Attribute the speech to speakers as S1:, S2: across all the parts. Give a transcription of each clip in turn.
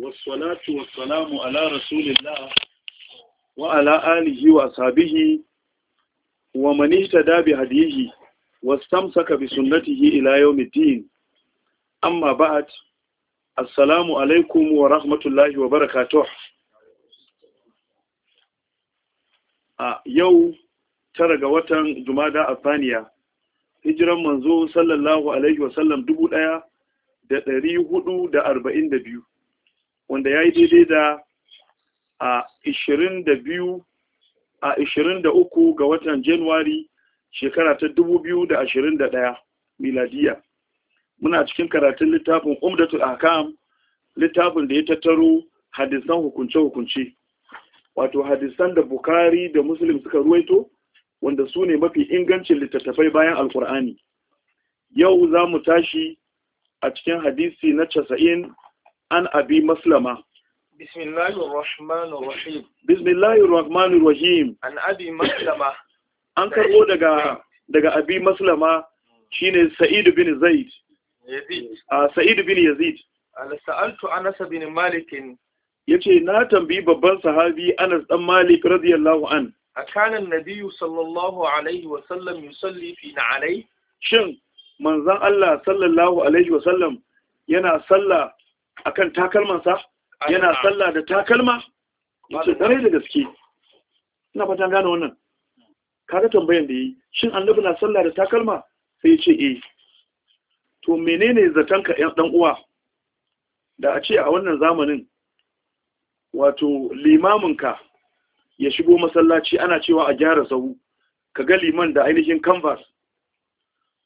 S1: wasu wasu ala rasulillah wa ala alihi wa sabihi wa manita dabi hadihi wasamsaka bi sunnatihi ila yawmiddin amma ba'at assalamu alaikum wa rahmatullahi wa barakatuh a yau tara ga watan jumada afaniya hijiran manzo sallallahu alaihi wa sallam biyu. wanda ya yi daidai da a 22 a 23 ga watan Januwari shekara ta 2021 miladiya. Muna cikin karatun littafin Umdatul Akam, littafin da ya tattaro hadisan hukunce-hukunce. Wato hadisan da bukari da Muslim suka ruwaito, wanda su ne mafi ingancin littattafai bayan Alkur'ani. Yau za mu tashi a cikin hadisi na casa'in an abi maslama بسم الله الرحمن الرحيم بسم الله an karbo daga daga abi maslama shine sa'id bin zaid a sa'id bin yazid al sa'altu anas bin malik yace na tambayi babban sahabi anas dan malik radiyallahu an akana nabiyyu sallallahu alaihi wa sallam yusalli fi na'alai shin manzon Allah sallallahu alaihi wa sallam yana sallah? akan takalmansa yana sallah da takalma wato dare da gaske ina fatan gane wannan kaga tambayan da yi shin annabi na sallah da takalma sai yace eh to menene zaton ka dan uwa da a ce a wannan zamanin wato ka ya shigo masallaci ana cewa a gyara sahu ka ga liman da ainihin canvas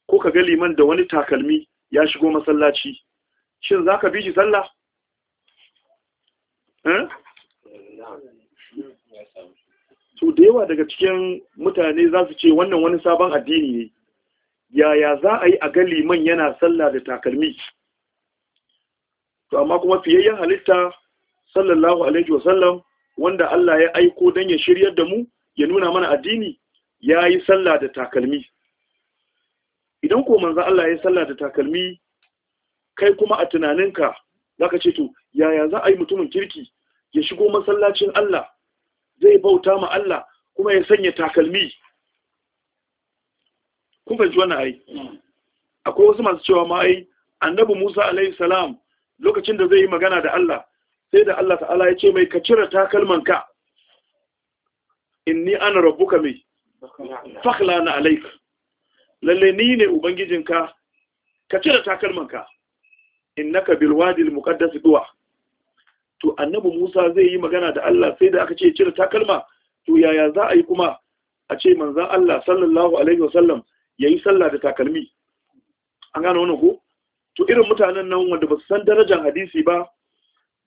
S1: ko ka ga liman da wani takalmi ya shigo masallaci shin za ka bi shi sallah? Eh? to da yawa daga cikin mutane za su ce wannan wani sabon addini ne yaya za a yi a ga liman yana sallah da takalmi to amma kuma fiyayyen halitta sallallahu alaihi wasallam wanda Allah ya aiko don ya shiryar da mu ya nuna mana addini ya yi sallah da takalmi idan ko manzo Allah ya yi sallah da takalmi kai kuma a tunaninka ka ce to yaya za a yi mutumin kirki ya shigo masallacin Allah zai bauta ma Allah kuma ya sanya takalmi kun fahimci wannan ai akwai wasu masu cewa ma ai annabi Musa alaihi salam lokacin da zai yi magana da Allah sai da Allah ta'ala ya ce mai ka cire takalmanka inni ana rabbuka mai fakhlana alayka lalle ni ne ubangijinka ka cire ka. innaka bil wadi al muqaddas duwa to annabi Musa zai yi magana da Allah sai da aka ce cire takalma to yaya za a yi kuma a ce manzan Allah sallallahu alaihi wasallam yayi sallah da takalmi an gano wannan ko to irin mutanen nan wanda ba su san darajar hadisi ba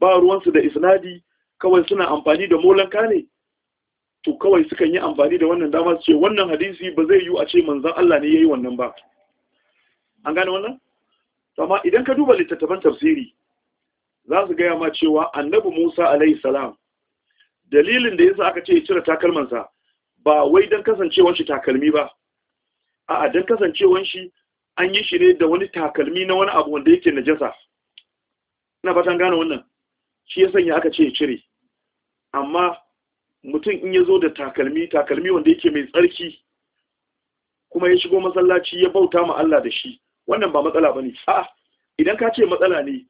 S1: ba ruwansu da isnadi kawai suna amfani da molanka ne to kawai sukan yi amfani da wannan dama su ce wannan hadisi ba zai yi a ce manzan Allah ne ya yi wannan ba an gane wannan amma idan ka duba littattafan tafsiri za su gaya ma cewa annabi Musa alaihi salam dalilin da yasa aka ce ya cire sa ba wai dan kasancewar shi takalmi ba a'a dan kasancewar shi an yi shi ne da wani takalmi na wani abu wanda yake najasa ina fatan gane wannan shi ya sanya aka ce ya cire amma mutum in ya zo da takalmi takalmi wanda yake mai tsarki kuma ya shigo masallaci ya bauta ma Allah da shi wannan ba matsala bane a'a idan ka ce matsala ne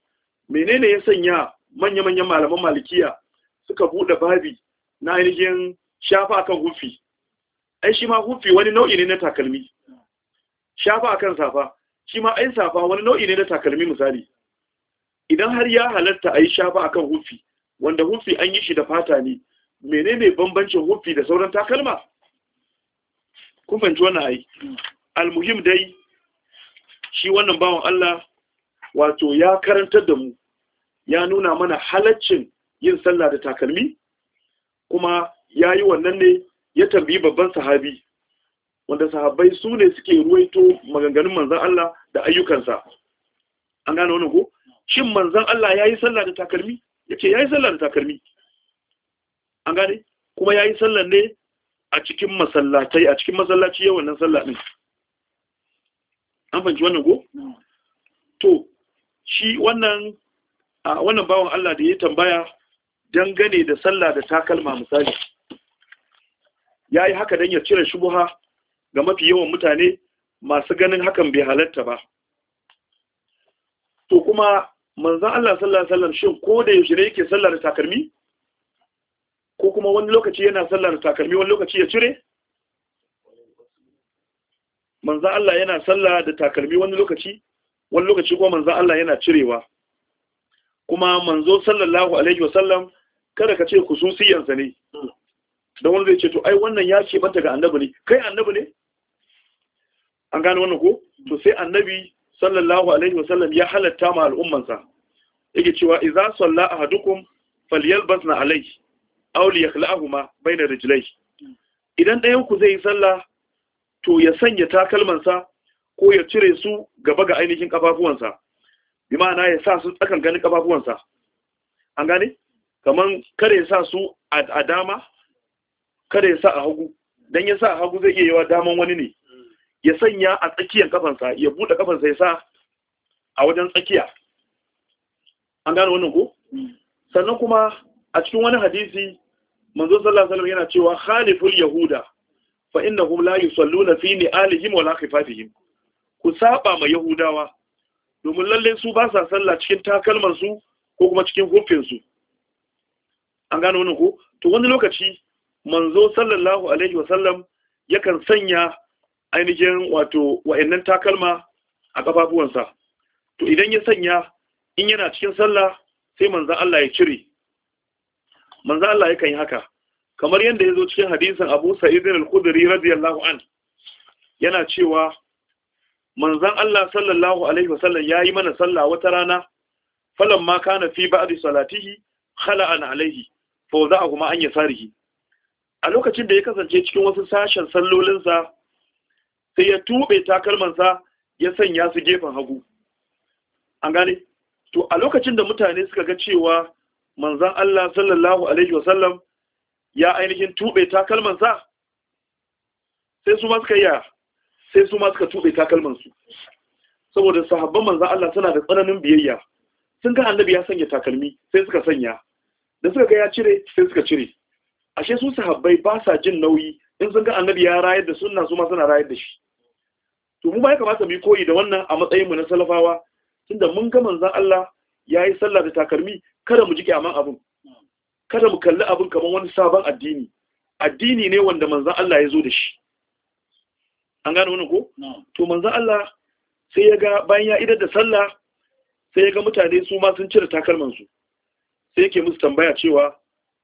S1: menene ya sanya manya-manyan malaman malikiya suka bude babi na ainihin shafa akan hufi ai shi ma hufi wani nau'i ne na takalmi shafa akan safa shi ma ai safa wani nau'i ne na takalmi misali idan har ya halatta ai shafa akan hufi wanda hufi an yi shi da fata ne menene bambancin hufi da sauran takalma kun fahimci wannan ai hmm. al-muhim dai shi wannan bawan Allah wato ya karantar da mu ya nuna mana halaccin yin sallah da takalmi kuma ya yi wannan ne ya tambayi babban sahabi wanda sahabbai su ne suke ruwaito maganganun manzan Allah da ayyukansa an gane wani ko shin manzan Allah ya yi sallah da takalmi ya ce ya yi sallah da takalmi an gane kuma ya yi sallah ne a cikin masallatai a cikin masallaci yawan nan sallah ɗin an fahimci wannan ko to shi wannan a wannan bawan Allah da ya tambaya dangane da sallah da takalma misali ya yi haka don ya cire shubuha ga mafi yawan mutane masu ganin hakan bai halatta ba to kuma manzan Allah sallah alaihi shi ko da yaushe ne yake da takalmi ko kuma wani lokaci yana da takalmi wani lokaci ya cire manzo Allah yana sallah da takalmi wani lokaci wani lokaci kuma manzo Allah yana cirewa kuma manzo sallallahu alaihi wasallam kada ka ce kususiyansa ne Da wani zai ce to ai wannan ya ce banta ga annabi ne kai annabi ne an gane wannan ko to sai annabi sallallahu alaihi wasallam ya halatta ma al'ummansa yake cewa idza salla ahadukum falyalbasna alayhi aw liyakhla'ahuma bayna rijlayhi idan ɗayan ku zai yi sallah to ya sanya takalmansa ko ya cire su gaba ga ainihin kafafuwansa bi ma'ana ya sa su tsakan ganin kafafuwansa an gane kaman kada ya sa su a dama kada ya sa a hagu dan ya sa a hagu zai iya yawa daman wani ne ya sanya a tsakiyar kafansa ya bude kafansa ya sa a wajen tsakiya an gane wannan ko sannan kuma a cikin wani hadisi manzo sallallahu alaihi wasallam yana cewa khaliful yahuda fa innahum la yusalluna fi ni'alihim wala khifafihim ku saba ma yahudawa domin lalle su ba sa sallah cikin takalman su ko kuma cikin hufin su an gano wannan ko to wani lokaci manzo sallallahu alaihi wa sallam yakan sanya ainihin wato wayannan takalma a kafafuwansa to idan ya sanya in yana cikin sallah sai manzo Allah ya cire manzo Allah yakan yi haka kamar yadda ya zo cikin hadisin abu sa'idin al-khudri radiyallahu an yana cewa manzan Allah sallallahu alaihi wasallam yayi mana sallah wata rana falon ma kana fi ba'di salatihi khala'an alaihi fa za'a kuma an sarihi a lokacin da ya kasance cikin wasu sashen sallolinsa sai ya tube takalmansa ya sanya su gefen hagu an gane to a lokacin da mutane suka ga cewa manzan Allah sallallahu alaihi wasallam ya ainihin tuɓe takalmansa sai su ma suka yi sai su ma suka tuɓe takalmansu saboda sahabban manza Allah suna da tsananin biyayya sun ga annabi ya sanya takalmi sai suka sanya da suka ga ya cire sai suka cire ashe su sahabbai ba sa jin nauyi in sun ga annabi ya rayar da sunna su ma suna rayar da shi to mu ba ya kamata mu yi koyi da wannan a matsayin mu na salafawa tunda mun ga manzan Allah yayi sallah da takalmi kada mu ji kyaman abin kada mu kalli abin kamar wani sabon addini addini ne wanda manzan Allah ya zo da shi an gane wani ko to manzan Allah sai ya ga bayan ya idar da sallah sai ya ga mutane su ma sun cire takalman su sai yake musu tambaya cewa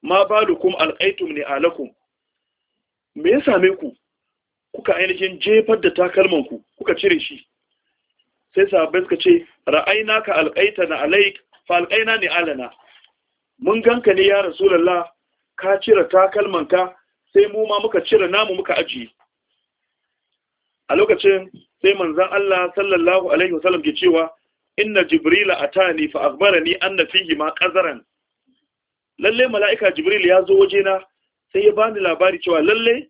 S1: ma balukum alqaitum ni alakum me ya same ku kuka ainihin jefar da takalman ku kuka cire shi sai sahabbai suka ce ra'ainaka alqaitana alaik fa alqaina ni alana mun ganka ne ya rasulallah ka cire takalmanka sai mu ma muka cire namu muka ajiye a lokacin sai manzon Allah sallallahu alaihi wasallam ke cewa inna jibrila atani fa akhbarani anna fihi ma qazaran lalle mala'ika jibril ya zo wajena sai ya bani labari cewa lalle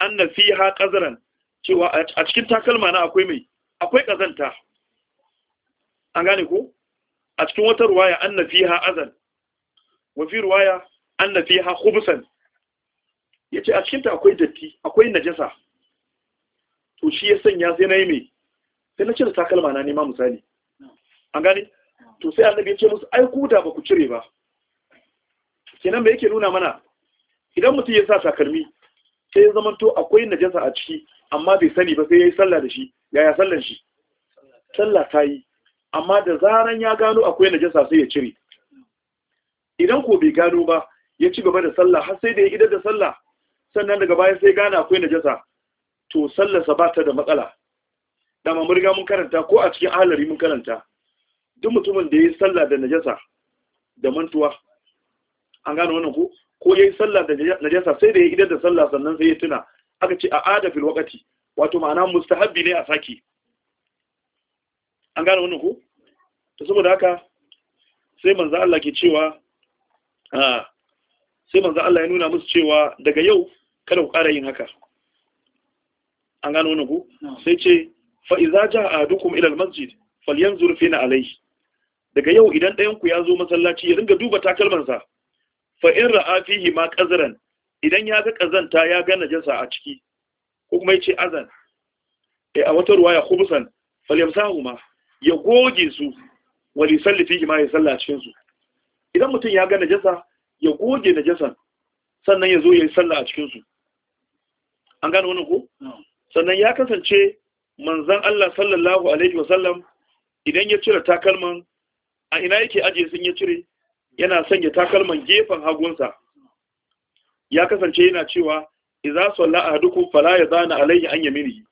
S1: anna fiha qazaran cewa a cikin takalma na akwai mai akwai kazanta an gane ko a cikin wata ruwaya anna fiha azan wa fi ruwaya anna fiha khubsan yace a cikin ta akwai datti akwai najasa to shi ya sanya sai nayi me sai na cire takalma na nema misali an gane to sai annabi ya ce musu ai ku da ba ku cire ba kenan me yake nuna mana idan mutum ya sa takalmi sai ya zamanto akwai najasa a ciki amma bai sani ba sai ya yi sallah da shi yaya sallan shi sallah ta yi amma da zaran ya gano akwai najasa sai ya cire idan ko bai gano ba ya ci gaba da sallah har sai da ya idar da sallah sannan daga baya sai gane akwai najasa to sallarsa ba ta da matsala da mu riga mun karanta ko a cikin ahalari mun karanta duk mutumin da ya yi sallah da najasa da mantuwa an gano wannan ko ko ya yi sallah da najasa sai da ya idar da sallah sannan sai ya tuna aka ce a adafin wakati wato ma'ana mustahabbi ne a saki an gano wannan ko to saboda haka sai manzo Allah ke cewa Ah, sai manzo Allah ya nuna musu cewa daga yau kada ku ƙara yin haka an gano ne ku sai ce fa idza jaa ahadukum ila almasjid falyanzur fina alayhi daga yau idan ɗayan ku ya zo masallaci ya ringa duba takalmansa fa in ra'a fihi ma qazran idan ya ga kazanta ya ga najasa a ciki ko kuma yace azan eh a wata ruwaya khubsan falyamsahuma ya goge su wali sallafi ma ya sallaci su idan mutum ya ga najasa ya goge najasan sannan ya zo ya yi sallah a cikinsu an gane wani ko sannan ya kasance manzan Allah sallallahu alaihi wasallam idan ya cire takalman a ina yake ajiye sun ya cire yana sanya takalman gefen hagunsa ya kasance yana cewa idza salla ahadukum fala yadana alayhi an yaminihi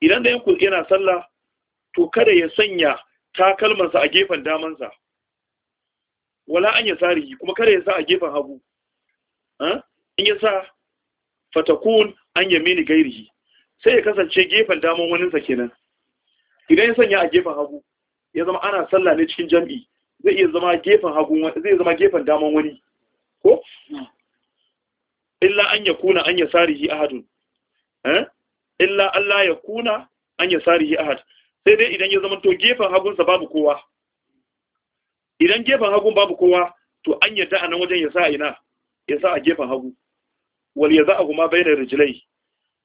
S1: idan da yanku yana sallah to kada ya sanya takalmansa a gefen damansa wala an yasarihi kuma kare ya sa a gefen hagu in ya sa fatakun an yamini gairihi sai ya kasance gefen damon waninsa kenan idan ya sanya a gefen hagu ya zama ana sallah ne cikin jam'i zai iya zama gefen hagu zai zama gefen damon wani ko illa an ya kuna an yasarihi ahadun eh illa Allah ya kuna an yasarihi ahad sai dai idan ya zama to gefen hagunsa babu kowa idan gefen hagun babu kowa to an yadda a nan wajen ya sa ina ya sa a gefen hagu wal ya za a kuma bayyana rijilai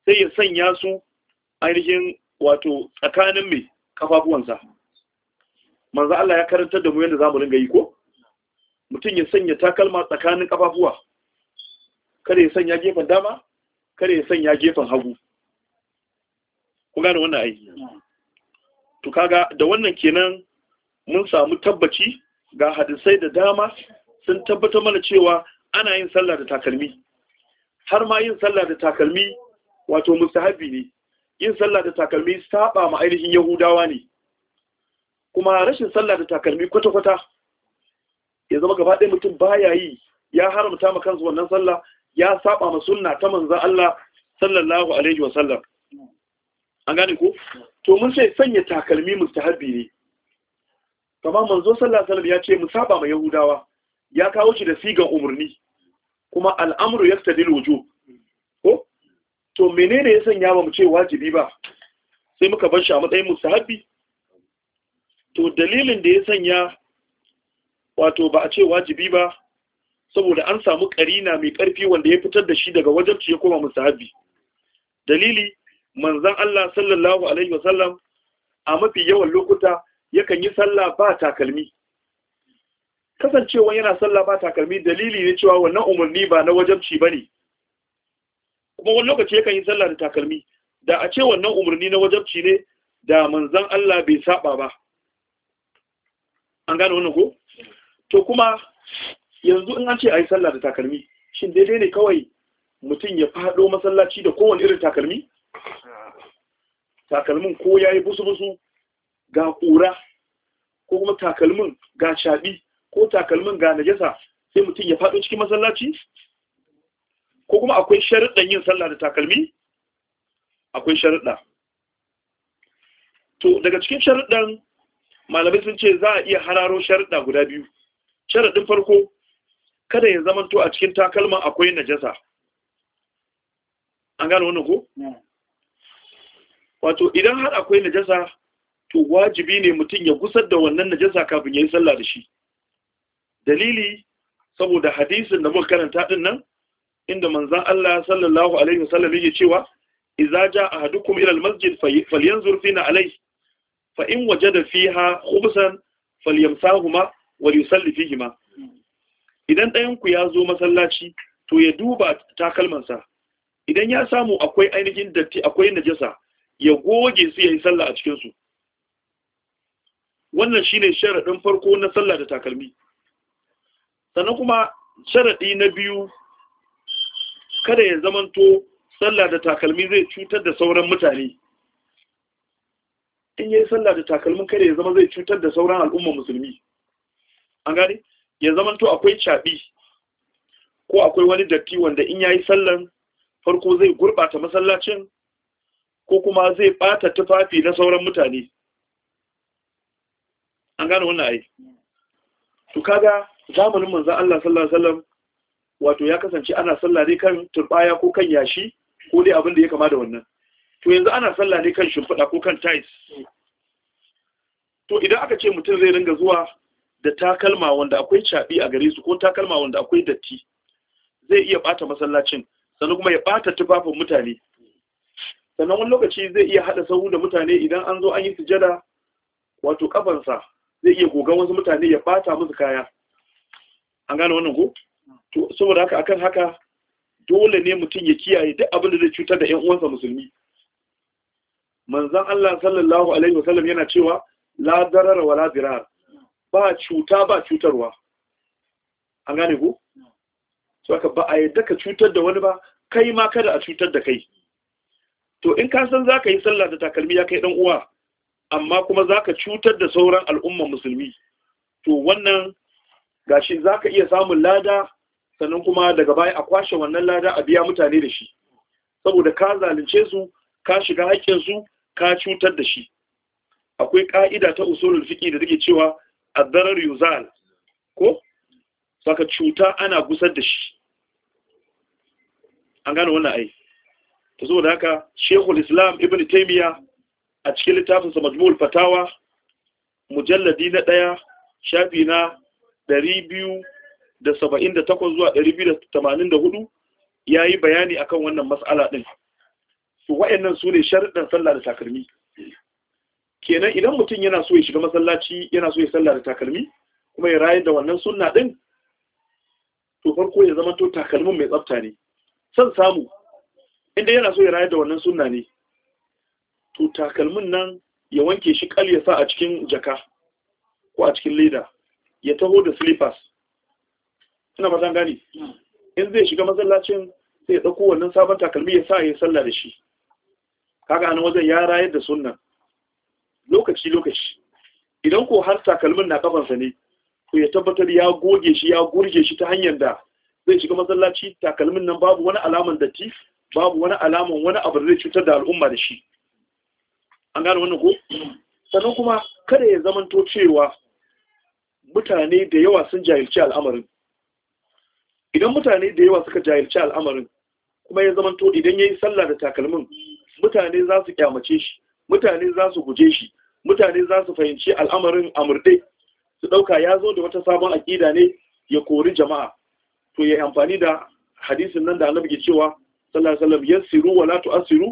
S1: sai ya sanya su ainihin wato tsakanin mai kafafuwansa manzo Allah ya karantar da mu yadda zamu ringa yi ko mutum ya sanya takalma tsakanin kafafuwa kada ya sanya gefen dama kada ya sanya gefen hagu ku gane wannan aiki to kaga da wannan kenan mun samu tabbaci ga hadisai da dama sun tabbatar mana cewa ana yin sallah da takalmi har ma yin sallah da takalmi wato mustahabi ne yin sallah da takalmi saba ma ainihin yahudawa ne kuma rashin sallah da takalmi kwata-kwata ya zama gaba ɗaya mutum baya yi ya haramta ma kansa wannan sallah ya saba ma sunna ta manzon Allah sallallahu alaihi wa sallam an gane ko to mun sai sanya takalmi mustahabi ne amma manzo sallallahu alaihi ya ce mu saba ma yahudawa ya kawo shi da sigan umarni kuma al'amru yastadil wujub ko to menene ya sanya ba mu ce wajibi ba sai muka bar shi a matsayin musahabi to dalilin da ya sanya wato ba a ce wajibi ba saboda an samu karina mai karfi wanda ya fitar da shi daga wajabci ya koma musahabi dalili manzon Allah sallallahu alaihi wasallam a mafi yawan lokuta yakan yi sallah ba takalmi kasancewa yana sallah ba takalmi dalili ne cewa wannan umarni ba na wajabci bane kuma wani lokaci yakan yi sallah da takalmi da a ce wannan umarni na wajabci ne da manzon Allah bai saba ba an gane wannan ko to kuma yanzu in an ce ayi sallah da takalmi shin daidai ne kawai mutum ya fado masallaci da kowane irin takalmi takalmin ko yayi busu busu ga ƙura ko kuma takalmin ga shaɗi ko takalmin ga najasa sai mutum ya faɗo cikin masallaci ko kuma akwai sharuɗan yin sallah da takalmi akwai sharuɗa to daga cikin sharuɗan malamai sun ce za a iya hararo sharuɗa guda biyu sharaɗin farko kada ya zamanto a cikin takalman akwai najasa an gano wannan ko wato idan har akwai najasa to wajibi ne mutum ya gusar da wannan najasa kafin ya yi sallah da shi dalili saboda hadisin da muka karanta din nan inda manzon Allah sallallahu alaihi wasallam yake cewa idza jaa ahadukum ila almasjid falyanzur fina alai fa in wajada fiha khubsan falyamsahuma wa yusalli fihima idan ɗayanku ku ya zo masallaci to ya duba takalmansa idan ya samu akwai ainihin datti akwai najasa ya goge su yayin sallah a cikin su wannan shine sharaɗin farko na sallah da takalmi sannan kuma sharaɗi na biyu kada ya zamanto sallah da takalmi zai cutar da sauran mutane in yi sallah da takalmin kada ya zama zai cutar da sauran al'umma musulmi an gane ya zamanto akwai caɓi ko akwai wani datti wanda in yayi sallan farko zai gurɓata masallacin ko kuma zai ɓata tufafi na sauran mutane an gane wannan ayi. to kaga zamanin manzo Allah sallallahu alaihi wasallam wato ya kasance ana sallah ne kan turbaya ko kan yashi ko dai abin da ya kama da wannan to yanzu ana sallah ne kan shimfiɗa ko kan tiles to idan aka ce mutum zai ringa zuwa da takalma wanda akwai caɓi a gare su ko takalma wanda akwai datti zai iya bata masallacin sannan kuma ya bata tufafin mutane sannan wani lokaci zai iya haɗa sahu da mutane idan an zo an yi sujada wato kafansa zai iya gogan wasu mutane ya bata musu kaya an gane wannan ko to saboda haka akan haka dole ne mutum ya kiyaye duk abin da zai cutar da ƴan uwansa musulmi manzon Allah sallallahu alaihi wasallam yana cewa la darara wala dirar ba cuta ba cutarwa an gane ko to haka ba a yadda ka cutar da wani ba kai ma kada a cutar da kai to in ka san za ka yi sallah da takalmi ya kai dan uwa amma kuma zaka cutar da sauran al'umman musulmi to wannan gashi zaka iya samun lada sannan kuma daga baya a kwashe wannan lada a biya mutane da shi saboda ka zalunce su ka shiga haƙƙin su ka cutar da shi akwai ƙa'ida ta usulul fiqi da take cewa ad-darar yuzal ko saka cuta ana gusar da shi an gane wannan ai to saboda haka Sheikhul Islam Ibn Taymiyyah a cikin littafinsa majmul fatawa mujalladi na ɗaya shafi na ɗari biyu da saba'in da takwas zuwa ɗari biyu da tamanin da hudu ya yi bayani akan wannan mas'ala ɗin su wayannan su ne sharuɗan sallah da takalmi kenan idan mutum yana so ya shiga masallaci yana so ya sallah da takalmi kuma ya rayar da wannan sunna ɗin to farko ya zama to takalmin mai tsafta ne san samu inda yana so ya rayar da wannan sunna ne to takalmin nan ya wanke shi kal ya sa a cikin jaka ko a cikin leda ya taho da slippers ina fatan gani in zai shiga masallacin sai ya dauko wannan sabon takalmi ya sa ya sallah da shi kaga anan wajen ya rayar da sunna lokaci lokaci idan ko har takalmin na kafansa ne to ya tabbatar ya goge shi ya gurge shi ta hanyar da zai shiga masallaci takalmin nan babu wani alaman datti babu wani alaman wani abu da zai cutar da al'umma da shi an gano wannan ko sannan kuma kada ya zamanto cewa mutane da yawa sun jahilci al'amarin idan mutane da yawa suka jahilci al'amarin kuma ya zamanto idan ya yi sallah da takalmin mutane za su kyamace shi mutane za su guje shi mutane za su fahimci al'amarin amurde su ɗauka ya zo da wata sabon aƙida ne ya kori jama'a to ya amfani da hadisin nan da annabi ke cewa sallallahu alaihi wasallam yassiru wala tu'assiru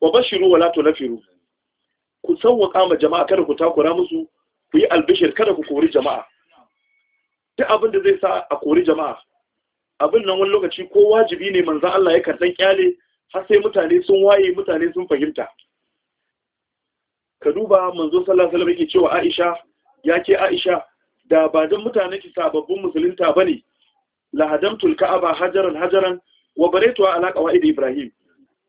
S1: wa bashiru wala tunafiru ku sauwaƙa ma jama'a kada ku takura musu ku yi albishir kada ku kori jama'a duk abin da zai sa a kori jama'a abin nan wani lokaci ko wajibi ne manzan Allah ya karɗan kyale har sai mutane sun waye mutane sun fahimta ka duba manzo sallallahu alaihi wasallam yake cewa Aisha yake Aisha da ba dan mutane ki sababbin musulunta bane lahadamtul ka'aba hajaran hajaran wa baraitu ala qawaid ibrahim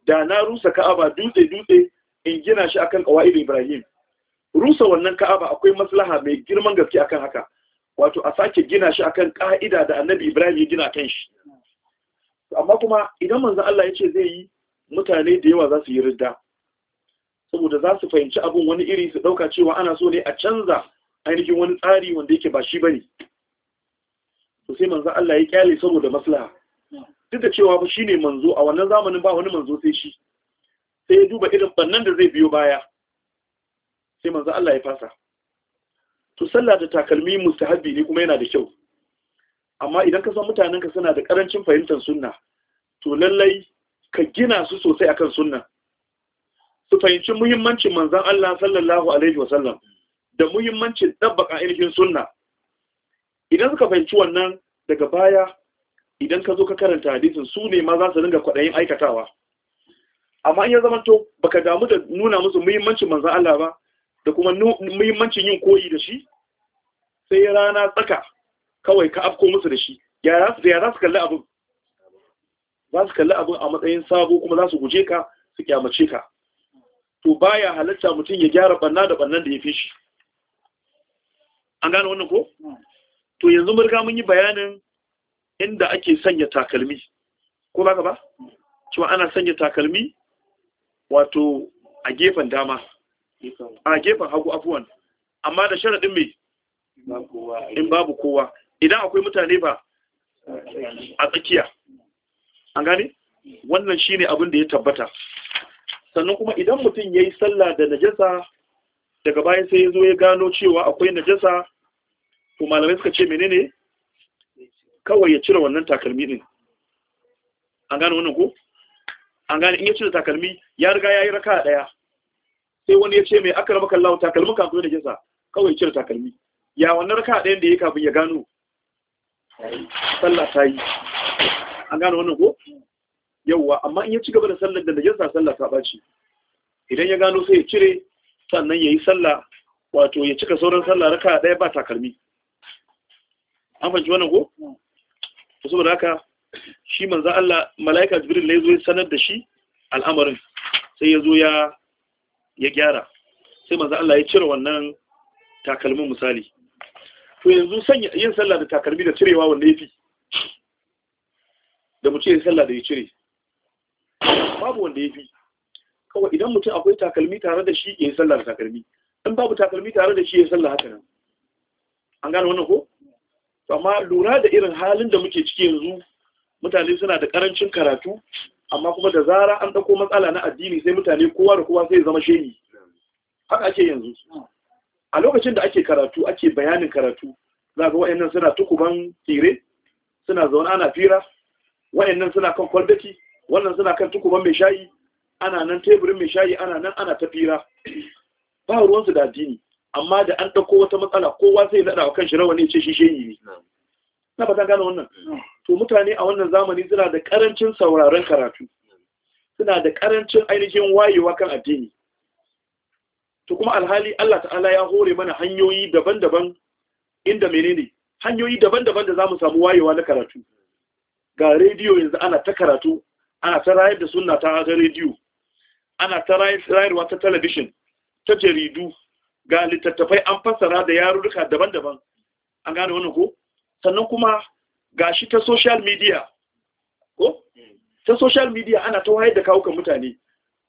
S1: da na rusa ka'aba dutse dutse in gina shi akan qawaid Ibrahim rusa wannan Ka'aba akwai maslaha mai girman gaske akan haka wato a sake gina shi akan ka'ida da Annabi Ibrahim ya gina kan shi amma kuma idan manzon Allah ya ce zai yi mutane da yawa za su yi ridda saboda za su fahimci abin wani iri su dauka cewa ana so ne a canza ainihin wani tsari wanda yake ba shi bane to sai manzon Allah ya kyale saboda maslaha duk da cewa shi ne manzo a wannan zamanin ba wani manzo sai shi sai ya duba irin bannan da zai biyo baya sai manzo Allah ya fasa to sallah da takalmi mustahabi ne kuma yana da kyau amma idan ka san mutanen ka suna da karancin fahimtar sunna to lallai ka gina su sosai akan sunna su fahimci muhimmancin manzon Allah sallallahu alaihi wasallam da muhimmancin dabbaka ainihin sunna idan suka fahimci wannan daga baya idan ka zo ka karanta hadisin su ne ma za su dinga kwaɗayin aikatawa amma in ya zama to baka damu da nuna musu muhimmancin manzon Allah ba da kuma muhimmancin yin koyi da shi sai rana tsaka kawai ka afko musu da shi ya za su kalli abin za su kalli abin a matsayin sabo kuma za su guje ka su kyamace ka to baya halatta mutum ya gyara banna da bannan da ya fi shi an gane wannan ko to yanzu mun riga mun yi bayanin inda ake sanya takalmi ko ba ka ba cewa ana sanya takalmi wato a gefen dama a gefen hagu afuwan amma da sharaɗin mai in babu kowa idan akwai mutane ba a tsakiya an gane wannan shine abin da ya tabbata sannan kuma idan mutum ya yi sallah da najasa daga bayan sai ya zo ya gano cewa akwai najasa to malamai suka ce menene kawai ya cire wannan takalmi ɗin an gane wannan ko an gane in ya cire takalmi ya riga ya yi raka ɗaya sai wani ya ce mai aka raba kallawa takalmin kafin da jinsa kawai cire takalmi ya wannan raka ɗayan da ya kafin ya gano sallah ta yi an gane wannan ko yauwa amma in ya ci gaba da sallar da jinsa sallah ta ɓaci idan ya gano sai ya cire sannan ya yi sallah wato ya cika sauran sallah raka ɗaya ba takalmi an fahimci wannan ko saboda haka shi manzo Allah malaika jibril ne zo ya sanar da shi al'amarin sai ya zo ya ya gyara sai manzo Allah ya cire wannan takalmin misali to yanzu sanya yin sallah da takalmi da cirewa wanda yafi da mutum ya sallah da ya cire babu wanda yafi kawai idan mutum akwai takalmi tare da shi ya yi sallah da takalmi in babu takalmi tare da shi ya sallah haka nan an gane wannan ko amma lura da irin halin da muke ciki yanzu mutane suna da karancin karatu amma kuma da zara an dauko matsala na addini sai mutane kowa da kowa sai zama shehi haka ake yanzu a lokacin da ake karatu ake bayanin karatu za ga wayannan suna tukuban tsire suna zaune ana fira wayannan suna kan kwalbaki wannan suna kan tukuban mai shayi ana nan teburin mai shayi ana nan ana ta fira ba ruwansu da addini amma da an ɗauko wata matsala kowa sai nada wa kan shi rawa ne ce shi shehi ne na ba ta gane wannan to mutane a wannan zamani suna da karancin sauraron karatu suna da karancin ainihin wayewa kan addini to kuma alhali Allah ta'ala ya hore mana hanyoyi daban-daban inda menene hanyoyi daban-daban da zamu samu wayewa na karatu ga rediyo yanzu ana ta karatu ana ta rayar da sunna ta ga rediyo ana ta rayarwa ta talabishin ta jaridu ga littattafai an fassara da yarurruka daban-daban an gane wannan ko sannan kuma gashi ta social media ko ta social media ana ta wayar da kawuka mutane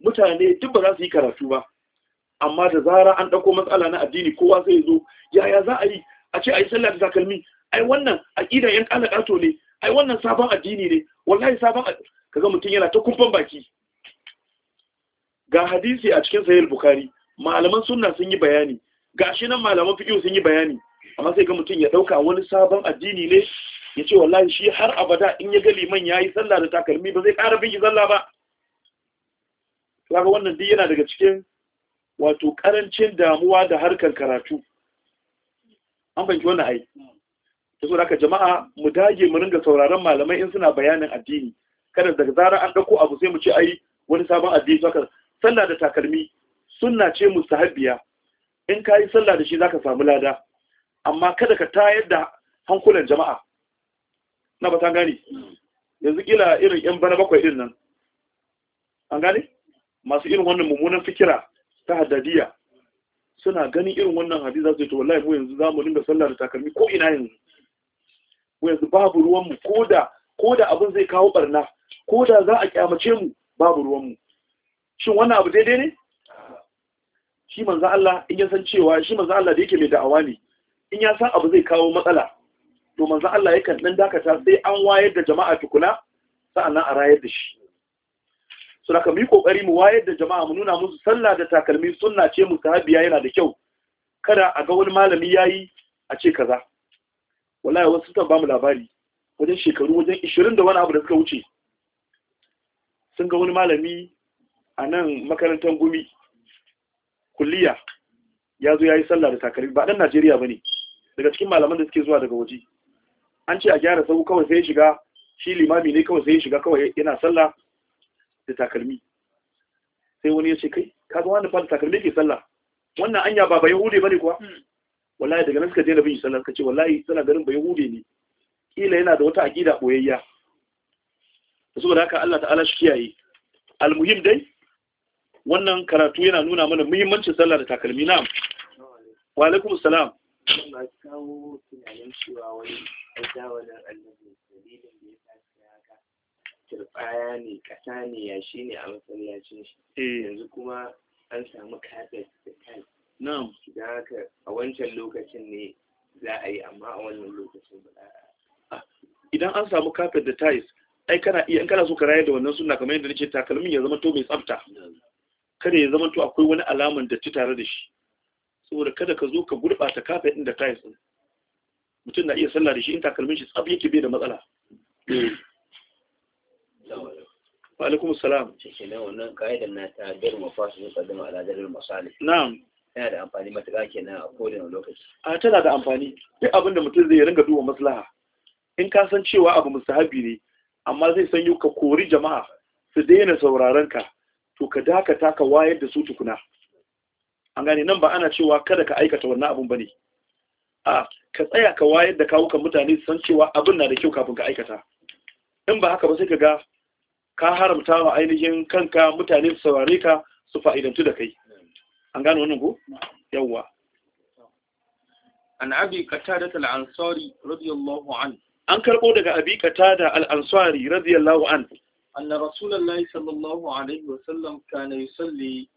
S1: mutane duk ba za su yi karatu ba amma da zara an ɗauko matsala na addini kowa zai zo yaya za a yi a ce a yi sallah da takalmi ai wannan aqida yan ƙalaƙato ne ai wannan sabon addini ne wallahi sabon kaga mutum yana ta kumfan baki ga hadisi a cikin sahih bukhari malaman sunna sun yi bayani gashi nan malaman fiqh sun yi bayani amma sai ga mutum ya dauka wani sabon addini ne ya ce wallahi shi har abada in ya ga liman ya yi sallah da takalmi ba zai ƙara bin sallah ba kaga wannan duk yana daga cikin wato ƙarancin damuwa da harkar karatu an banki wannan ai ta so haka jama'a mu dage mu ringa sauraron malamai in suna bayanin addini kada daga zara an ɗauko abu sai mu ce ai wani sabon addini saka sallah da takalmi sunna ce mustahabbiya in ka yi sallah da shi zaka samu lada amma kada ka tayar da hankulan jama'a na ba ta gani yanzu kila irin yan bana bakwai irin nan an gane masu irin wannan mummunan fikira ta haddadiya suna ganin irin wannan Hadiza su to wallahi mu yanzu za mu dinga sallah da takalmi ko ina yanzu mu yanzu babu ruwan mu koda koda abin zai kawo barna koda za a kyamace mu babu ruwan mu shin wannan abu daidai ne shi manzo Allah in ya san cewa shi manzo Allah da yake mai da'awa ne in ya san abu zai kawo matsala to manzo Allah ya yakan dan dakata sai an wayar da jama'a tukuna sa'annan a rayar da shi so da mu yi kokari mu wayar da jama'a mu nuna musu sallah da takalmi sunna ce mu sahabiya yana da kyau kada a ga wani malami yayi a ce kaza wallahi wasu sun ba mu labari wajen shekaru wajen 20 da wani abu da suka wuce sun ga wani malami a nan makarantar gumi kulliya ya zo ya yi sallah da takalmi ba dan najeriya ba ne daga cikin malaman da suke zuwa daga waje an ce a gyara sahu kawai sai ya shiga shi limami ne kawai sai ya shiga kawai yana sallah da takalmi sai wani ya ce kai ka ga wani fara takalmi ke sallah wannan anya ba ba yahude bane kuwa hmm. wallahi daga nan suka daina bin sallah suka ce wallahi suna garin ba yahude ne kila yana da wata aqida boyayya saboda haka Allah ta'ala shi kiyaye almuhim dai wannan karatu yana nuna mana muhimmancin sallah da takalmi na'am wa alaikum assalam na kawo tunanin cewa wani aljawarin annabi dalilin da ya tashi haka turbaya ne ƙasa ne yashi ne a masallacin shi eh. yanzu kuma an samu kafet da kai na'am da haka a wancan lokacin ne za a yi amma a wannan lokacin ba a ah, idan an samu kafet da tiles ai kana iya in kana so ka rayar da wannan sunna kamar yadda nake takalmin ya zama to mai tsafta kada ya zama to akwai wani alaman datti tare da shi saboda kada ka zo ka gurɓata kafet ɗin da tiles ɗin mutum na iya sallah da shi in takalmin shi tsab yake bai da matsala hmm. wa alaikum salam shi ne wannan ka'idar na ta dar mafasu ne kaddama ala dalil masalih na'am yana da amfani matuƙa kenan a kowane lokaci a tana da amfani duk abinda mutum zai ringa duba maslaha in ka san cewa abu musahabi ne amma zai sanyo ka kori jama'a su daina sauraron ka to ka dakata ka wayar da su tukuna an gane nan ba ana cewa kada ka aikata wannan abun bane a ka tsaya ka wayar da kawukan mutane san cewa abin na da kyau kafin ka aikata in ba haka ba sai ka ga ka haramta wa ainihin kanka mutane su saurare ka su fa'idantu da kai an gano wannan ko yawwa an abi qatada al-ansari radiyallahu an an karbo daga abi qatada al-ansari radiyallahu an anna rasulullahi sallallahu alaihi wa sallam kana yusalli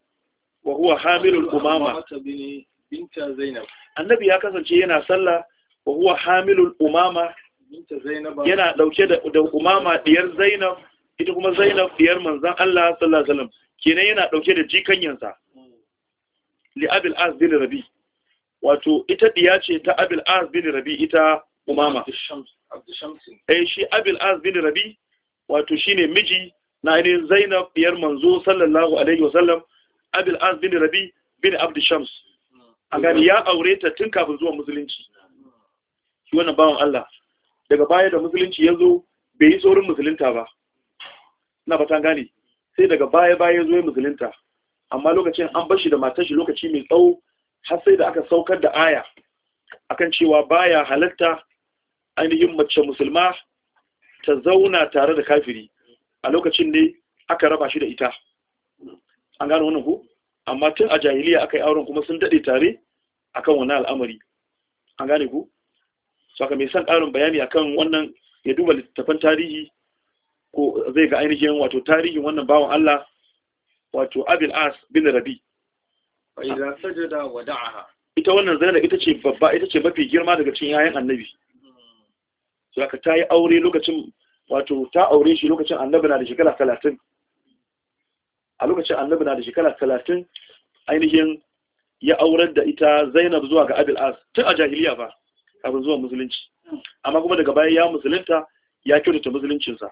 S1: wa huwa hamilul umama bint zainab annabi ya kasance yana sallah wa huwa hamilul umama yana dauke da umama diyar zainab ita kuma zainab diyar manzon Allah sallallahu alaihi wasallam kenan yana dauke da jikanyansa li abil az bin rabi wato ita diya ce ta abil az bin rabi ita umama eh shi abil az bin rabi wato shine miji na ainihin zainab diyar manzo sallallahu alaihi wasallam abil az bin rabi bin abd shams an gani ya aure ta tun kafin zuwa musulunci shi wannan bawan Allah daga baya da musulunci ya zo bai yi tsorin musulunta ba na fatan gane sai daga baya baya zo ya musulunta amma lokacin an bashi da shi lokaci mai tsawo har sai da aka saukar da aya akan cewa baya halatta ainihin mace musulma ta zauna tare da kafiri a lokacin ne aka raba shi da ita an gano wannan ku amma tun a jahiliya aka yi auren kuma sun daɗe tare a kan wani al'amari an gane ku aka mai son ƙarin bayani akan wannan ya duba littattafan tarihi ko zai ga ainihin wato tarihin wannan bawan Allah wato abin As bin Rabi ita wannan Zainab ita ce babba ita ce mafi girma daga cikin yayin Annabi aka ta yi aure lokacin wato ta aure shi lokacin Annabi na da shekara 30 a lokacin annabi na da shekara talatin ainihin ya aurar da ita zainab zuwa ga abil as tun a jahiliya ba kafin zuwa musulunci amma kuma daga baya ya musulunta ya kyautata musuluncinsa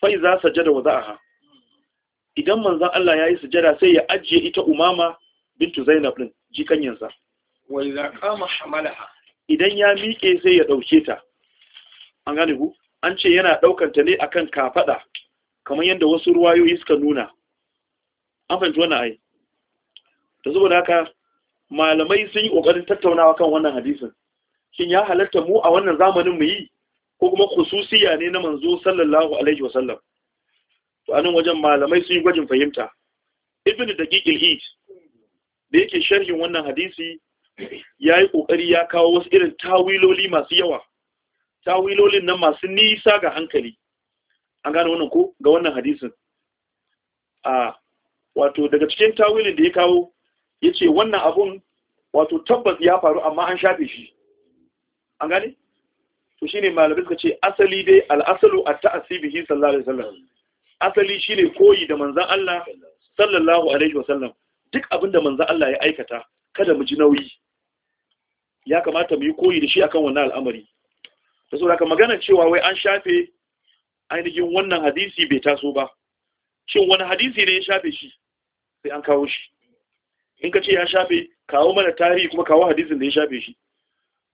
S1: fai za sajada wa za'aha idan manzan Allah ya yi sujada sai ya ajiye ita umama bintu zainab din jikanyansa wa idza qama hamalaha idan ya miƙe sai ya ɗauke ta an gane ku an ce yana ɗaukanta ne akan kafaɗa. kamar yadda wasu ruwayoyi suka nuna an fahimci wannan ai da saboda haka malamai sun yi ƙoƙarin tattaunawa kan wannan hadisin shin ya halarta mu a wannan zamanin mu yi ko kuma khususiya ne na manzo sallallahu alaihi wasallam to anan wajen malamai sun yi gwajin fahimta ibn daqiq al da yake sharhin wannan hadisi ya yi kokari ya kawo wasu irin tawiloli masu yawa tawilolin nan masu nisa ga hankali an gane wannan ko ga wannan hadisin a wato daga cikin tawilin da ya kawo ya ce wannan abun wato tabbas ya faru amma an shafe shi an gane to shi ne malamai suka ce asali dai al'asalu a ta'asibihi sallallahu alaihi wasallam asali shi ne koyi da manzan Allah sallallahu alaihi wasallam duk abinda manzan Allah ya aikata kada mu ji nauyi ya kamata mu yi koyi da shi akan wannan al'amari da saboda ka magana cewa wai an shafe ainihin wannan hadisi bai taso ba shin wani hadisi ne ya shafe shi sai an kawo shi in ka ce ya shafe kawo mana tarihi kuma kawo hadisin da ya shafe shi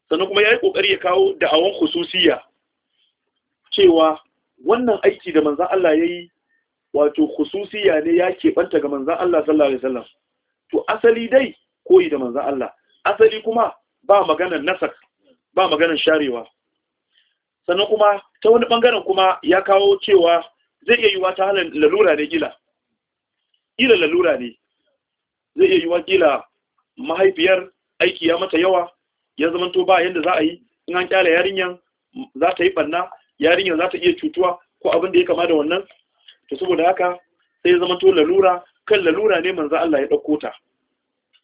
S1: sannan kuma ya yi ƙoƙari ya kawo da'awan khususiya cewa wannan aiki da manzan Allah ya yi wato khususiya ne ya keɓanta ga manzan Allah sallallahu Alaihi wasallam to asali dai koyi da manzan Allah asali kuma ba maganar nasak ba maganar sharewa sannan kuma ta wani bangaren kuma ya kawo cewa zai iya yiwa ta halin lalura ne gila gila lalura ne zai iya yiwa gila mahaifiyar aiki ya mata yawa ya zamanto ba yadda za a yi in an kyale yarinyar za ta yi banna yarinyar za ta iya cutuwa ko abin da ya kama da wannan to saboda haka sai ya zamanto lalura kan lalura ne manzo Allah ya dauko ta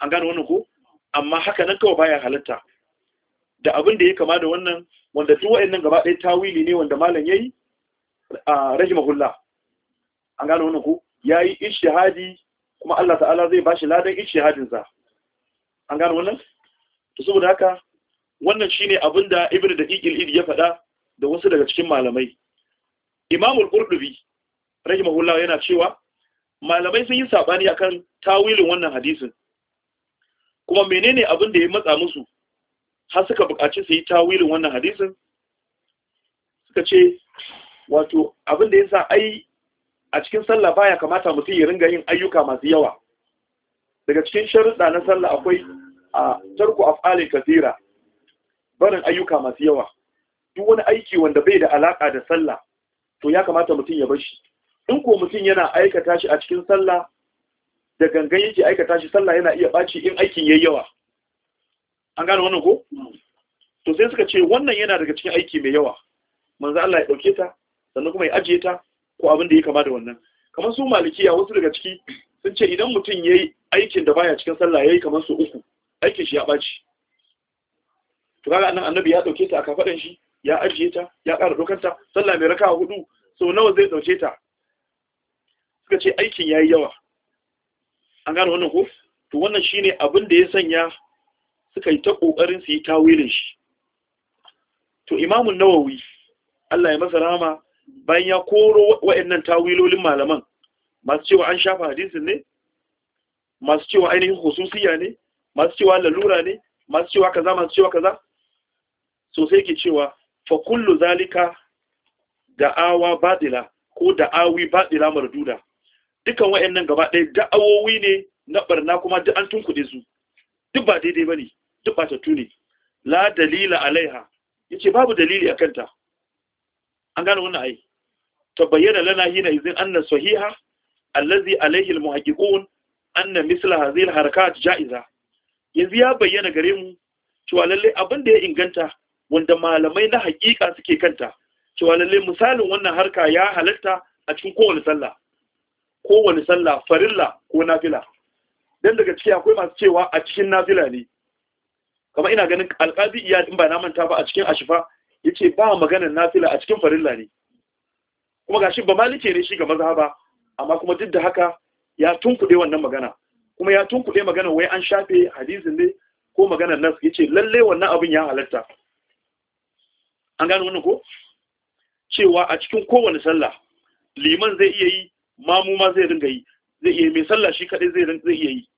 S1: an gane wannan ko amma haka nan kawai baya halitta. da abin da ya kama da wannan wanda duk wa'annan gaba ɗaya tawili ne wanda malam yayi a rahimahullah an gano wannan ko yayi ishihadi kuma Allah ta'ala zai bashi ladan ishihadin sa an gano wannan to saboda haka wannan shine abin da Ibn da al ya faɗa da wasu daga cikin malamai Imam al-Qurtubi rahimahullah yana cewa malamai sun yi sabani akan tawilin wannan hadisin kuma menene abin da ya matsa musu har suka buƙaci su yi tawilin wannan hadisin suka ce wato abin da yasa ai a cikin sallah baya kamata mutum ya ringa yin ayyuka masu yawa daga cikin sharuɗa na sallah akwai a tarku af'alin kasira barin ayyuka masu yawa duk wani aiki wanda bai da alaka da sallah to ya kamata mutum ya bar in ko mutum yana aikata shi a cikin sallah da gangan yake aikata shi sallah yana iya ɓaci in aikin yayi yawa an gane wannan ko hmm. to sai suka ce wannan yana daga cikin aiki mai yawa manzo Allah ya dauke ta sannan kuma ya ajiye ta ko abin da ya kama da wannan kamar su malikiya wasu daga ciki sun ce idan mutum yayi aikin da baya cikin sallah yayi kamar su uku aikin shi ya baci to kaga annan annabi ya dauke ta aka fadan shi ya ajiye ta ya ƙara dokar ta sallah mai raka'a hudu sau nawa zai dauke ta suka ce aikin yayi yawa an gane wannan ko to wannan shine abin da ya sanya suka yi ta ƙoƙarin su yi tawilin shi to imamun nawawi Allah ya masa rama bayan ya koro waɗannan tawilolin malaman masu cewa an shafa hadisin ne masu cewa ainihin hususiya ne masu cewa lalura ne masu cewa kaza masu cewa kaza so ke cewa fa kullu zalika da'awa badila ko da'awi badila marduda dukan wayannan gaba ɗaya da'awowi ne na barna kuma duk an tunkuɗe su duk ba daidai ba ne. ta batattu ne la dalila alaiha yace babu dalili akan ta an gane wannan ai bayyana lana hina izin anna sahiha allazi alaihi almuhaqqiqun anna misla hadhihi alharakat ja'iza yanzu ya bayyana gare mu cewa lalle abin da ya inganta wanda malamai na haƙiƙa suke kanta cewa lalle misalin wannan harka ya halatta a cikin kowane sallah kowane sallah farilla ko nafila dan daga ciki akwai masu cewa a cikin nafila ne kamar ina ganin alƙadi iya in ba na manta ba a cikin ashifa yace ba maganar nafila a cikin farilla ne kuma gashi ba malike ne shi ga mazhaba amma kuma duk da haka ya tunkuɗe wannan magana kuma ya tunkuɗe magana wai an shafe hadisin ne ko maganar nas yace lalle wannan abin ya halatta an gano wannan ko cewa a cikin kowane sallah liman zai iya yi mamu ma zai ringa yi zai iya mai sallah shi kaɗai zai zai iya yi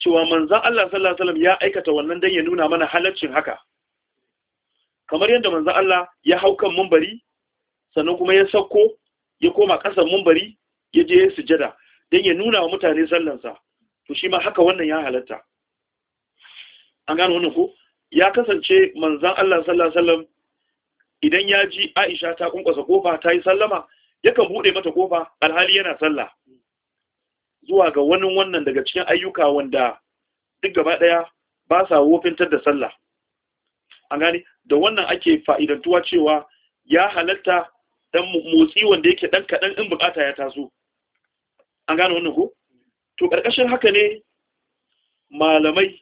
S1: cewa manzan Allah sallallahu alaihi ya aikata wannan dan ya nuna mana halaccin haka kamar yadda manzan Allah ya hau kan munbari sannan kuma ya sauko ya koma ƙasar munbari ya je ya sujada dan ya nuna wa mutane sallansa to shi ma haka wannan ya halatta an gano wannan ko ya kasance manzan Allah sallallahu alaihi idan ya ji Aisha ta kunkwasa kofa ta yi sallama yakan buɗe mata kofa alhali yana sallah zuwa ga wani wannan daga cikin ayyuka wanda duk gaba ɗaya ba sa wofintar da sallah an gani da wannan ake fa'idantuwa cewa ya halatta dan motsi wanda yake dan kaɗan in bukata ya taso an gane wannan ko to ƙarƙashin haka ne malamai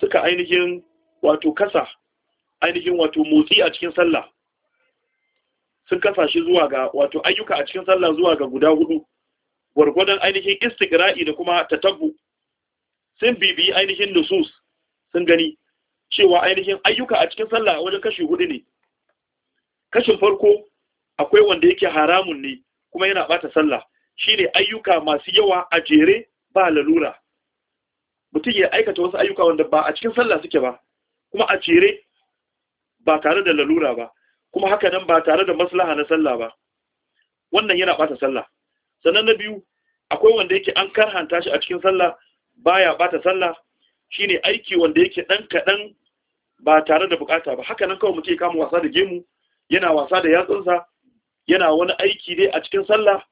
S1: suka ainihin wato kasa ainihin wato motsi a cikin sallah sun kasa shi zuwa ga wato ayyuka a cikin sallah zuwa ga guda hudu gwargwadon ainihin istigra'i da kuma tatabu sun bibi ainihin nusus sun gani cewa ainihin ayyuka a cikin sallah wajen kashi hudu ne kashin farko akwai wanda yake haramun ne kuma yana bata sallah shine ayyuka masu yawa a jere ba lalura mutum ya aikata wasu ayyuka wanda ba a cikin sallah suke ba kuma a jere ba tare da lalura ba kuma haka nan ba tare da maslaha na sallah ba wannan yana bata sallah sannan na biyu akwai wanda yake an karhanta shi a cikin sallah baya bata sallah shine aiki wanda yake dan kadan ba tare da bukata ba haka nan kawai mutum ya kama wasa da gemu yana wasa da yatsunsa yana wani aiki dai a cikin sallah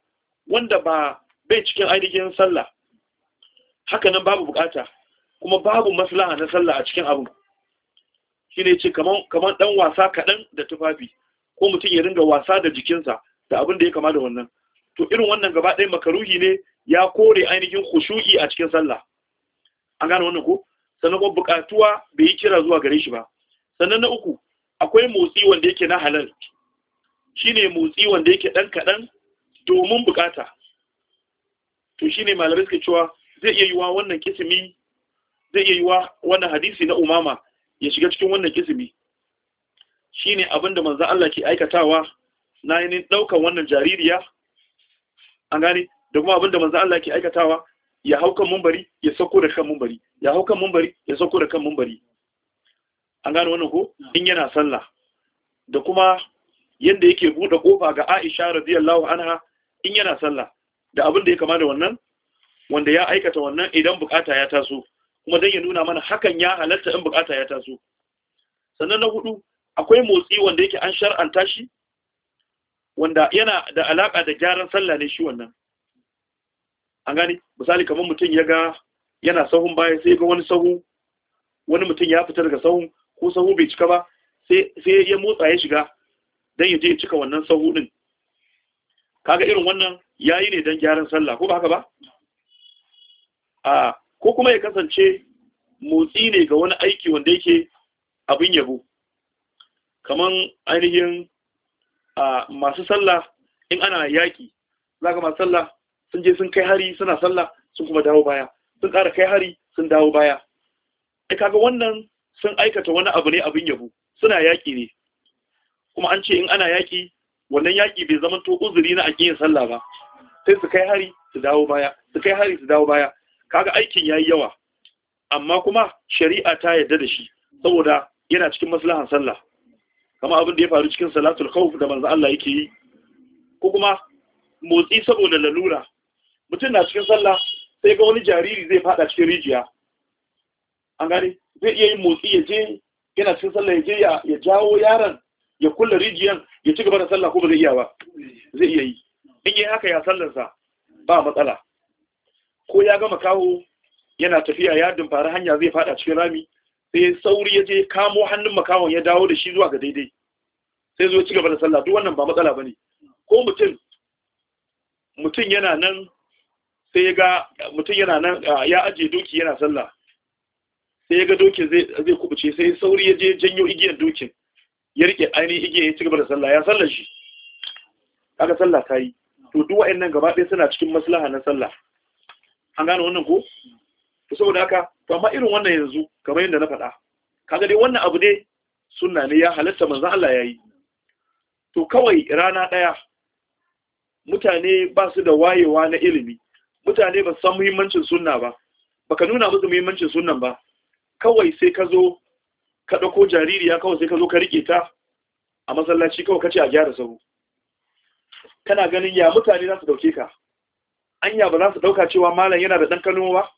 S1: wanda ba bai cikin ainihin sallah haka nan babu bukata kuma babu maslaha na sallah a cikin abu shine ce kaman kaman dan wasa kadan da tufafi ko mutum ya ringa wasa da jikinsa da abin da ya kama da wannan to irin wannan gaba ɗaya makaruhi ne ya kore ainihin khushu'i a cikin sallah an gane wannan ko sannan kuma buƙatuwa bai yi kira zuwa gare shi ba sannan na uku akwai motsi wanda yake na halal shine motsi wanda yake ɗan kaɗan domin buƙata to shine malamai suke cewa zai iya yiwa wannan kisimi zai iya yiwa wannan hadisi na umama ya shiga cikin wannan kisimi shine abinda manzo Allah ke aikatawa na yin ɗaukan wannan jaririya an gane da kuma abinda manzo Allah ke aikatawa ya hau kan mumbari ya sauko da kan mumbari ya hau kan mumbari ya sauko da kan mumbari an gane wannan ko in yana sallah da kuma yanda yake bude kofa ga Aisha radiyallahu anha in yana sallah da abin da ya kama da wannan wanda ya aikata wannan idan bukata ya taso kuma dan ya nuna mana hakan ya halatta in bukata ya taso sannan na hudu akwai motsi wanda yake an shar'anta shi wanda yana da alaka da gyaran sallah ne shi wannan an gani misali kamar mutum ya ga yana sahun baya sai ga wani sahu wani mutum ya fita daga sahun ko sahu bai cika ba sai ya motsa ya shiga don ya je cika wannan sahu din kaga irin wannan Ya yi ne don gyaran sallah ko ba haka ba a ko kuma ya kasance motsi ne ga wani aiki wanda yake abin yabo kaman ainihin A masu sallah in ana yaki zaka masu sallah sun je sun kai hari suna sallah sun kuma dawo baya sun ƙara kai hari sun dawo baya ai kaga wannan sun aikata wani abu ne abin yabo suna yaki ne kuma an ce in ana yaki wannan yaki bai zama to uzuri na yin sallah ba sai su kai hari su dawo baya su kai hari su dawo baya kaga aikin yayi yawa amma kuma shari'a ta yarda da shi saboda yana cikin maslahan sallah kama abin da ya faru cikin salatul khawf da manzo Allah yake yi ko kuma motsi saboda lalura mutum na cikin sallah sai ga wani jariri zai fada cikin rijiya an gane zai iya yin motsi ya je yana cikin sallah ya je ya jawo yaron ya kulla rijiyan ya ci gaba da sallah ko ba zai iya ba zai iya yi in yi haka ya sallarsa ba matsala ko ya gama kawo yana tafiya ya dumfari hanya zai fada cikin rami sai sauri ya je kamo hannun makahon ya dawo da shi zuwa ga daidai sai zo ci gaba da sallah duk wannan ba matsala bane ko mutum mutum yana nan sai ya ga mutum yana nan ya aje doki yana sallah sai ya ga dokin zai zai kubuce sai sauri ya je janyo igiyar dokin ya rike ainihin igiyar ya ci gaba da sallah ya sallar shi kaga sallah ta yi to duk wa'annan gaba ɗaya suna cikin maslaha na sallah an gane wannan ko to saboda haka to amma irin wannan yanzu kamar yadda na faɗa kaga dai wannan abu ne sunna ne ya halatta manzon Allah yayi to kawai rana ɗaya mutane ba su da wayewa na ilimi mutane ba san muhimmancin sunna ba baka nuna musu muhimmancin sunnan ba kawai sai ka zo ka ɗauko jaririya kawai sai ka zo ka riƙe ta a masallaci kawai ka ce a gyara sahu kana ganin ya mutane za su ɗauke ka anya ba za su ɗauka cewa malam yana da ɗan kalmo ba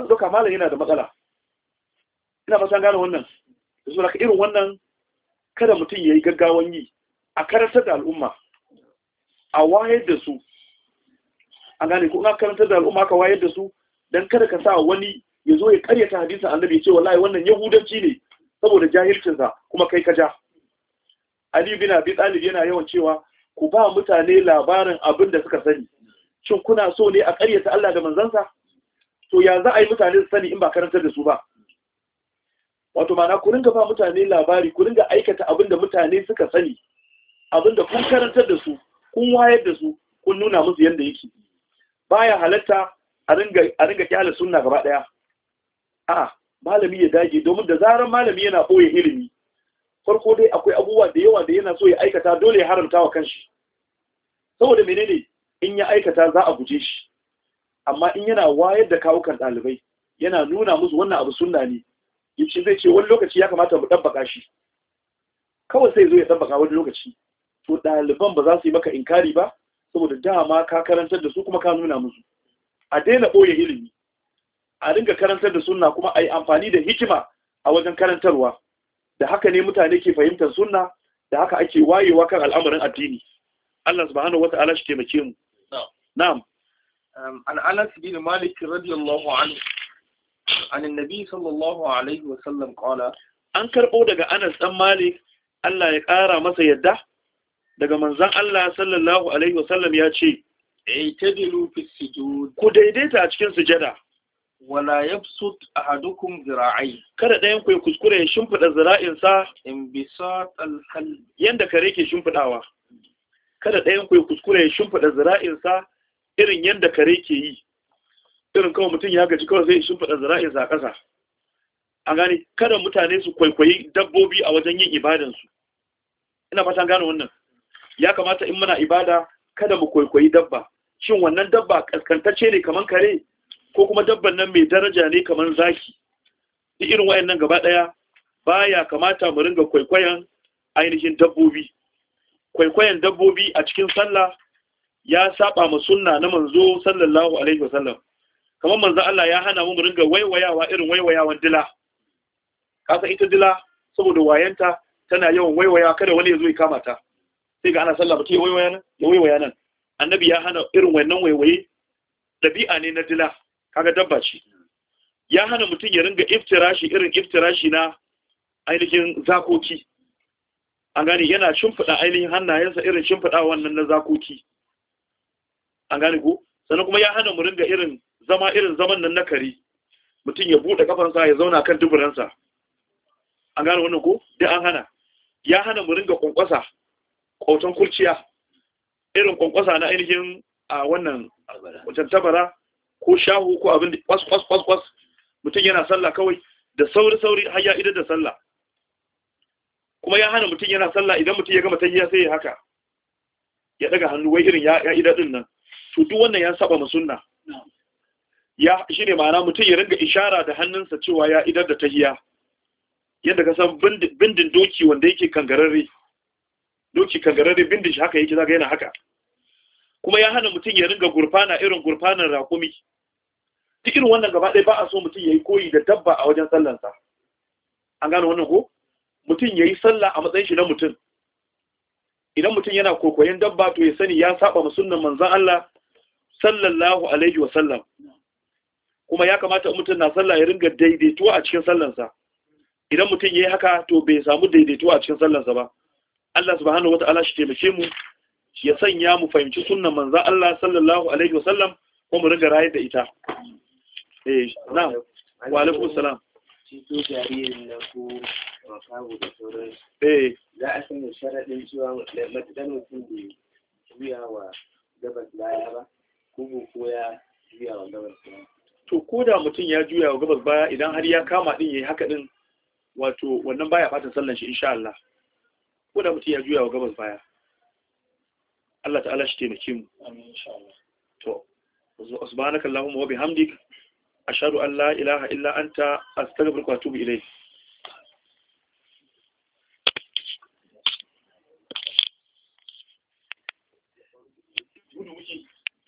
S1: za su malam yana da matsala ina fatan gane wannan da irin wannan kada mutum ya yi gaggawan yi a karantar da al'umma a wayar da su a gane ko ina karantar da al'umma ka wayar da su don kada ka sa wani ya zo ya karyata hadisin annabi ya ce wallahi wannan yahudanci ne saboda jahilcinsa kuma kai ka ja Ali bin Abi Talib yana yawan cewa ku ba mutane labarin abin da suka sani shin kuna so ne a karyata Allah da manzansa to ya za a yi mutane su sani in ba karantar da su ba wato mana ku ringa ba mutane labari ku ringa aikata abin da mutane suka sani abin da kun karantar da su kun wayar da su kun nuna musu yadda yake baya halatta a ringa a ringa kyala sunna gaba daya a malami ya dage domin da zarar malami yana boye ilimi farko dai akwai abubuwa da yawa da yana so ya aikata dole ya haramta wa kanshi saboda menene in ya aikata za a guje shi amma in yana wayar da kawukan ɗalibai yana nuna musu wannan abu sunna ne yace zai ce wani lokaci ya kamata mu dabbaka shi kawai sai zo ya dabbaka wani lokaci to ɗaliban ba za su yi maka inkari ba saboda dama ka karantar da su kuma ka nuna musu a daina ɓoye ilimi a ringa karantar da sunna kuma a yi amfani da hikima a wajen karantarwa da haka ne mutane ke fahimtar sunna da haka ake wayewa kan al'amarin addini Allah subhanahu ta'ala shi taimake mu na'am عن أنس بن مالك رضي الله عنه عن النبي صلى الله عليه an karɓo daga Anas ɗan Malik Allah ya ƙara masa yadda daga manzan Allah sallallahu alaihi wasallam ya ce aitadilu fi sujud ku daidaita a cikin sujada wala a ahadukum zira'i kada ɗayan ku kuskure ya shimfida zira'in in bisat al yanda kare ke shimfidawa kada ɗayan ku ya kuskure ya shimfida zira'in irin yadda kare ke yi irin kawai mutum ya gaji kawai zai yi faɗa zara'in sa ƙasa A gane kada mutane su kwaikwayi dabbobi a wajen yin ibadansu ina fatan gane wannan ya kamata in muna ibada kada mu kwaikwayi dabba shin wannan dabba kaskantacce ne kaman kare ko kuma dabban nan mai daraja ne kaman zaki duk irin wayannan gaba daya baya kamata mu ringa kwaikwayon ainihin dabbobi kwaikwayon dabbobi a cikin sallah ya saba ma sunna na manzo sallallahu alaihi wasallam kamar manzo Allah ya hana mu ringa waiwayawa irin waiwayawan dila kasa ita dila saboda wayanta tana yawan waiwaya kada wani ya zo ya kama ta sai ga ana sallah mutum ya waiwaya nan ya waiwaya nan annabi ya hana irin wannan waiwaye dabi'a ne na dila kaga dabba ce ya hana mutum ya ringa iftirashi irin iftirashi na ainihin zakoki an gane yana shimfida ainihin hannayensa irin shimfiɗa wannan na zakoki an gane ko sannan kuma ya hana mu ringa irin zama irin zaman nan na kari mutum ya buɗe kafansa ya zauna kan duburansa an gane wannan ko duk an hana ya hana mu ringa kwankwasa kwautan kurciya irin kwankwasa na ainihin a wannan wajen tabara ko shahu ko abin da kwas kwas kwas kwas mutum yana sallah kawai da sauri sauri har ya idar da sallah kuma ya hana mutum yana sallah idan mutum ya gama tahiyya sai ya haka ya daga hannu wai irin ya idar din nan su duk wannan ya saba mu sunna ya ne ma'ana mutum ya ringa ishara da hannunsa cewa ya idar da tahiya yadda ka san bindin doki wanda yake kangararre doki kangararre bindin shi haka yake zaga yana haka kuma ya hana mutum ya ringa gurfana irin gurfanan raƙumi duk irin wannan gaba ɗaya ba a so mutum ya yi koyi da dabba a wajen sallansa an gane wannan ko mutum ya yi sallah a matsayin shi na mutum idan mutum yana kokoyin dabba to ya sani ya saba musulman sunnan manzon Allah sallallahu alaihi wa sallam kuma ya kamata mutum na sallah ya ringa daidaituwa a cikin sallansa idan mutum yayi haka to bai samu daidaituwa a cikin sallansa ba Allah subhanahu wata'ala shi taimake mu ya sanya mu fahimci sunnan manzo Allah sallallahu alaihi wa sallam ko mu ringa rayar da ita eh na wa alaikum salam cito da sauransu eh. za a sanya sharadin cewa da mutum bai wa gabas ba kugu ko ya juya wa gabas to ko da mutum ya juya wa gabas baya idan har ya kama din yayi haka din wato wannan baya fata sallan shi insha Allah ko da mutum ya juya wa gabas baya Allah ta'ala shi taimake mu amin insha Allah to subhanakallahumma wa bihamdik ashhadu an la ilaha illa anta astaghfiruka wa atubu ilayk